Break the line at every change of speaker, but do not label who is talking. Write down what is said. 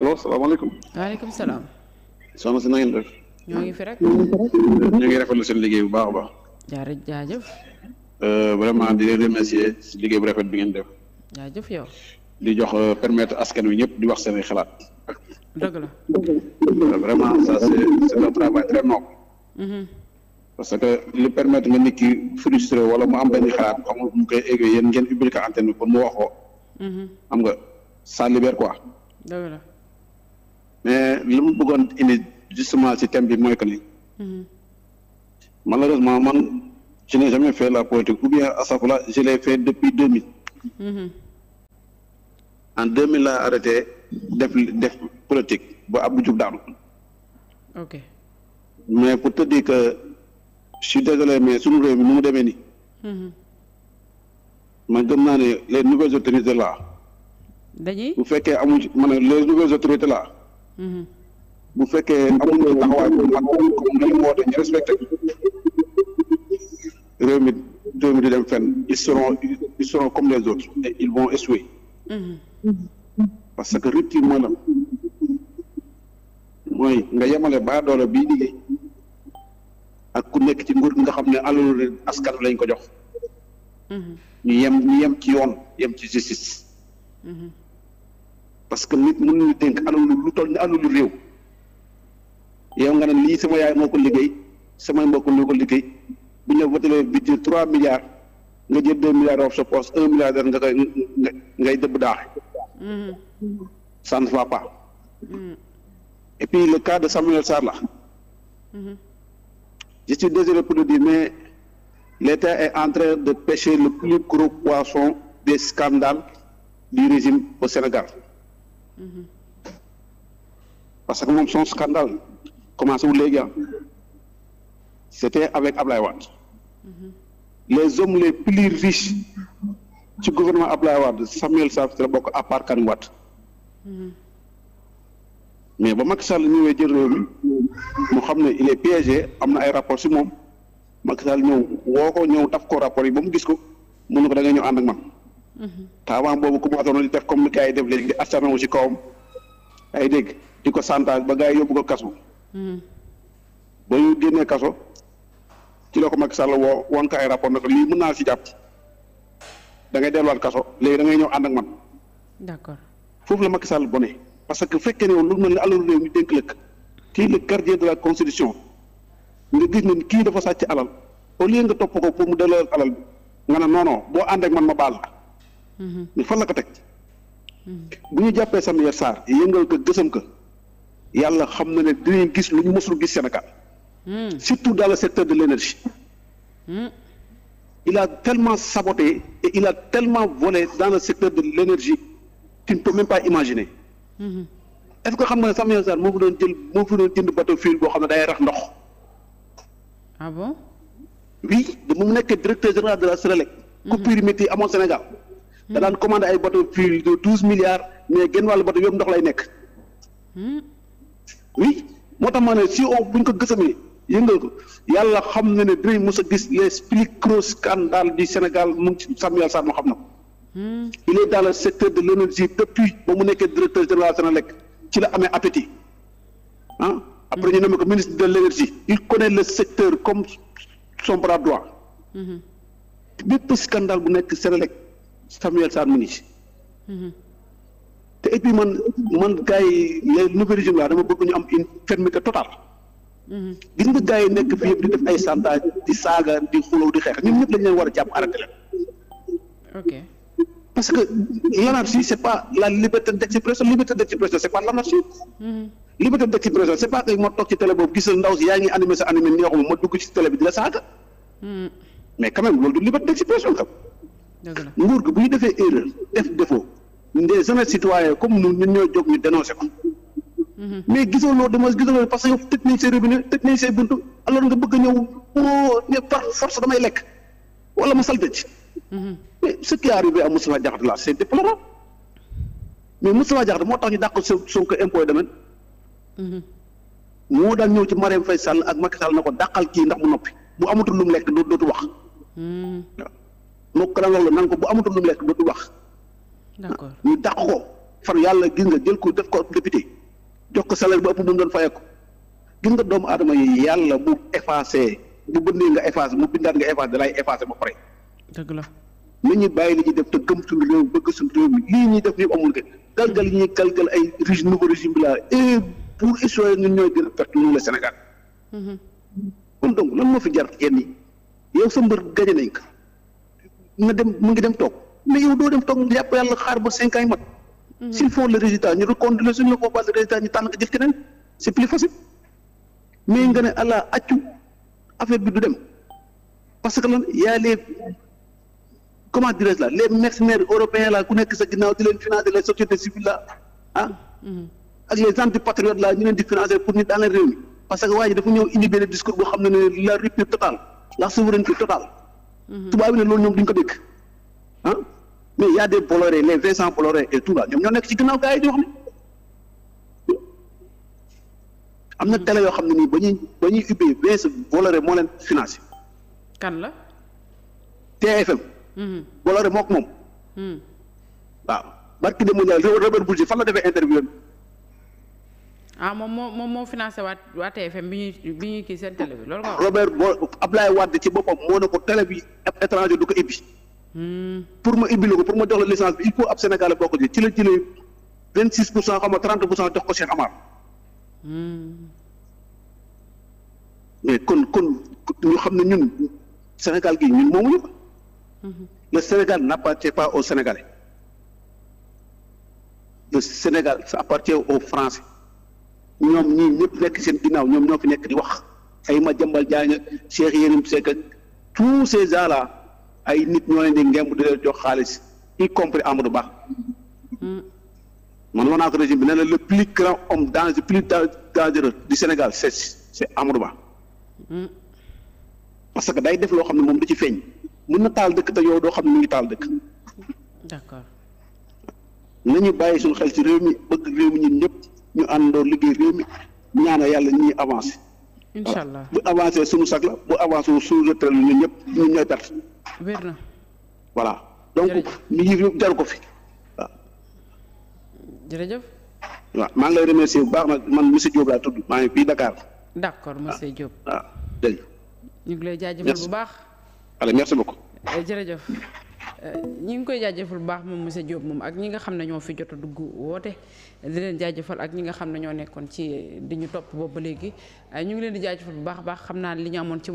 allo salaamaaleykum.
waaleykum salaam.
soxna si na ngeen def. ñoo ngi fi rek. ñu ngi rafetlu seen liggéey bu baax a baax.
jaaree jaajëf.
Euh, vraiment di leen remercier si liggéey bu rafet bi ngeen def. jaajëf yow. di jox euh, permettre askan wi ñëpp di wax seen xalaat. dëgg la. Euh, vraiment ça c' est c' est un mm-hmm. parce que li permettre nga nit ki frustré wala mu am benn xalaat xam mu koy égo yéen ngeen ubbil ko antenne bi pour mu waxoo. Mm-hmm. xam nga ça libère quoi. dëgg la. mais li mu bëggoon indi justement ci thème bi mooy que ni mhm. malheureusement man je n'ai jamais fait la politique ou bien asafula je l'ai fait depuis deux mille mhm. en deux mille laa arrêté def def politique ba Abdou Diouf daanu mais pour te dire que je suis désolé mais suñu réew mi nu mu demee nii mhm. man gëm naa ne les nouvelles autorités là bu fekkee amuñ ma ne les nouvelles autorités là bu fekkee amuñu taxawaay bu mag comme li ñu woote ñu respecté réew mi réew mi di dem fenn ils comme les autres et ils vont parce que rupture mooy mooy nga yemale baa doole bii liggéey ak ku nekk ci nguur nga xam ne alalu askan lañ ko jox mm-hmm. ñu yem ñu yem ci yoon yem ci justice mm-hmm. parce que nit mën nañu dénk alalu lu toll ni alalu réew yow nga ne lii sama yaay moo ko liggéey samay mbokk ñoo ko liggéey bu ñu la voté budget trois milliards nga jël deux milliards of sa un milliard nga koy ngay dëbb daax
mm-hmm. ça ne pas mm-hmm.
et puis le cas de Samuel Sarr là mm-hmm. je suis désolé pour le dire mais l'État est en train de pêcher le plus gros poisson des du régime au Sénégal parce que moom son scandale commencé wu léegi ah c' était avec Ablaye Wade les hommes les plus riches ci gouvernement Ablaye Wade Samuel Sarr la bokk à part Karim Wade mais ba Macky Sall ñëwee jël réew mi xam ne il est piégé am na ay rapport si moom Macky Sall ñëw woo ko ñëw taf ko rapport yi ba mu gis ko mun na ko da ngay ñëw ànd ak man te avant boobu commencé woon di def comme ni gars yi def léegi di acharné wu si kawam ay dégg di ko santage ba gars yi yóbbu ko kaso. ba ñu génnee kaso ci la ko Macky Sall woo wan ko ay rapport léegi da ngay ñëw ànd ak man. d'accord foofu la Macky Sall bone parce que fekkee ne woon lu mel ne alalu réew ñu dénk lëkk kii le gardien de la constitution nga gis ne kii dafa sàcc alal au lieu nga topp ko pour mu delloo alal nga ne non boo ànd ak man ma baal ni fan la ko teg hmm. bu ñu jàppee Samuel Sarr yëngal ko gësam ko yàlla xam na ne dinañ gis lu ñu mësul gis Sénégal hmm. surtout dans le secteur de l'énergie hmm. il a tellement saboté et il a tellement volé dans le secteur de l'énergie tu ne peux même pas imaginer est-ce que xam nga ne Samuel Sarr moo fi doon jël moo fi doon jënd bateau fii boo xam ne day rax ndox ah bon mu nekk directeur général de la Sénélec coupure métier amoon Sénégal da daan commandé ay bateau plus de douze milliards mais genn wàllu bateau yëpp ndox lay nekk. Hmm. oui moo tax ma ne si on buñ ko gësamee yëngal ko yàlla xam na ne dinañ mos a gis les plus gros scandales du Sénégal mu ngi ci Samuel Sarr moo xam na ko. Hmm. il est dans le secteur de l' énergie depuis ba mu nekkee directeur général Senelec ci la amee appétit ah. après ñu hmm. nommé ko ministre de l' énergie il connaît le secteur comme son bras droit. bépp scandale bu nekk Senelec. Samuel Sarr mu ngi ci. Mhm. te et puis man man gars yi les nouveaux régimes là dama bëgg ñu am une fermeté totale. Mhm. gis nga gars yi nekk fii yëpp di def ay chantage di saaga di xuloo di xeex ñun ñëpp dañ leen war a jàpp arrêté leen. ok parce que l'anarchie c'est pas la liberté d'expression liberté d'expression c'est pas l'anarchie. Mhm. liberté d'expression c'est pas que ma toog ci télé boobu gisal ndaw si yaa ngi animé sa animé neexuma ma dugg ci télé bi di la saaga. mais quand loolu du liberté d'expression kam nguur gi bu ñu defee erreur def défaut des honnêtes citoyens comme ñun ñun ñoo jóg ñu dénoncé ko. Mhm. mais gisoo loolu de mooy gisoo loolu parce que yow tëj nañ say robinet tëj nañ say buntu alors nga bëgg a ñëw pour oh, ne damay lekk wala ma salte ci. Mhm. mais ce qui est arrivé à Moustapha Diakhaté là c' est déplorable mais Moustapha Diakhaté moo tax ñu dàq Sonko impôt domaine. Mhm. moo daan ñëw ci Marème fay Sall ak Macky Sall na ko dàqal kii ndax mu noppi bu amatul lu mu lekk dootu wax. moo ko daan wax la naan ko bu amatul mu lekk dootul wax. d'accord ah, ñu ko far yàlla gis nga jël ko def ko député jox ko salaire bu ëpp bu mu doon fayeeku gis nga doomu aadama yi yàlla bu effacé bu bënnee nga effacé mu bindaat nga effacé dalay effacé ba pare. dëgg bàyyi li ñuy def te gëm suñu réew bëgg suñu réew mi lii ñuy def yëpp amul que galgal yi ñuy galgal ay régime nouveau régime bi laa et pour histoire ñun ñooy gën a perte ñun la Sénégal. Mhm. kon donc lan moo fi jar nga dem mu ngi dem toog mais yow doo dem toog nga jàpp yàlla xaar ba cinq ans yi mat. Mm-hmm. s'il faut le résultat ñu reconduire suñu la ko baal le résultat ñu tànn nga jël keneen c'est plus facile mais nga ne allah accu affaire bi du dem parce que lan y a les comment dirais-je là les mercenaires européens là ku nekk sa ginnaaw di leen financer les sociétés civiles là ah. Mm-hmm. ak les antipatriotes là ñu leen di financer pour ñu daaneel réew mi parce que waa ji dafa ñëw xam ne la rupture totale la souveraineté Mhm. tubaab yi ne loolu ñoom duñ ko dégg ah mais y' a des Bolloré les Vincent Bolloré et tout là ñoom ñoo nekk ci ginnaaw gars yi di wax ne am na mhm. télé yoo xam ne nii ba ñuy ba ñuy ubbee Vincent Bolloré moo leen financé. kan la. TFM. Mhm. Bolloré moo ko
moom.
waaw barki démb Ndiaye Robert Bourgi fan la defee interview
ah moom moo moom moo financé waat waa TFM bi ñuy bi ñuy kii seen télé bi loolu nga wax.
Robert moo Ablaye Wade ci boppam moo ne ko télé bi étranger du ko ibbi. Hmm. pour ma ibbi la ko pour ma jox la licence bi il faut ab Sénégalais bokk ci ci la jëlee vingt six pour cent xaw ma trente pour cent jox ko Cheikh Amar. Hmm. mais kon kon ñu xam ne ñun Sénégal gi ñun moomuñu ko. Hmm. le Sénégal n'appartient pas aux Sénégalais. le Sénégal ça appartient aux Français. ñoom ñii ñëpp nekk seen ginnaaw ñoom ñoo fi nekk di wax ay ma jambal jaañ ak Cheikh Yérim Seck ak tous ces gens ay nit ñoo leen di ngemb di leen jox xaalis y compris Amadou Ba man wax naa bi ne la le plus grand homme danger plus dangereux du Sénégal c'est parce que day def loo xam ne moom du ci feeñ mun na taal dëkk te yow doo xam ne mu ngi taal dëkk d'accord nañu bàyyi suñu xel ci réew mi bëgg réew mi ñun ñëpp ñu àndoo liggéey réew mi ñaana yàlla ñuy avancé. incha allah bu avancé suñu sag la bu avancé wu suñu retraite la ñun ñëpp ñun ñooy perte. wér na voilà donc mi ngi jaru ko fi waaw. jërëjëf. waaw maa ngi lay remercier bu baax nag man monsieur Diop laa tudd maa ngi fii Dakar.
d'accord monsieur Diop
waaw dégg
ñu ngi lay jaajëfal bu baax. allez merci beaucoup. Eh, jërëjëf. ñu ngi koy jaajëfal bu baax moom monsieur Diop moom ak ñi nga xam ne ñoo fi jot a dugg woote li leen jaajëfal ak ñi nga xam ne ñoo nekkoon ci di ñu topp boobu ba léegi ñu ngi leen di jaajëfal bu baax a baax xam naa li ñu amoon ci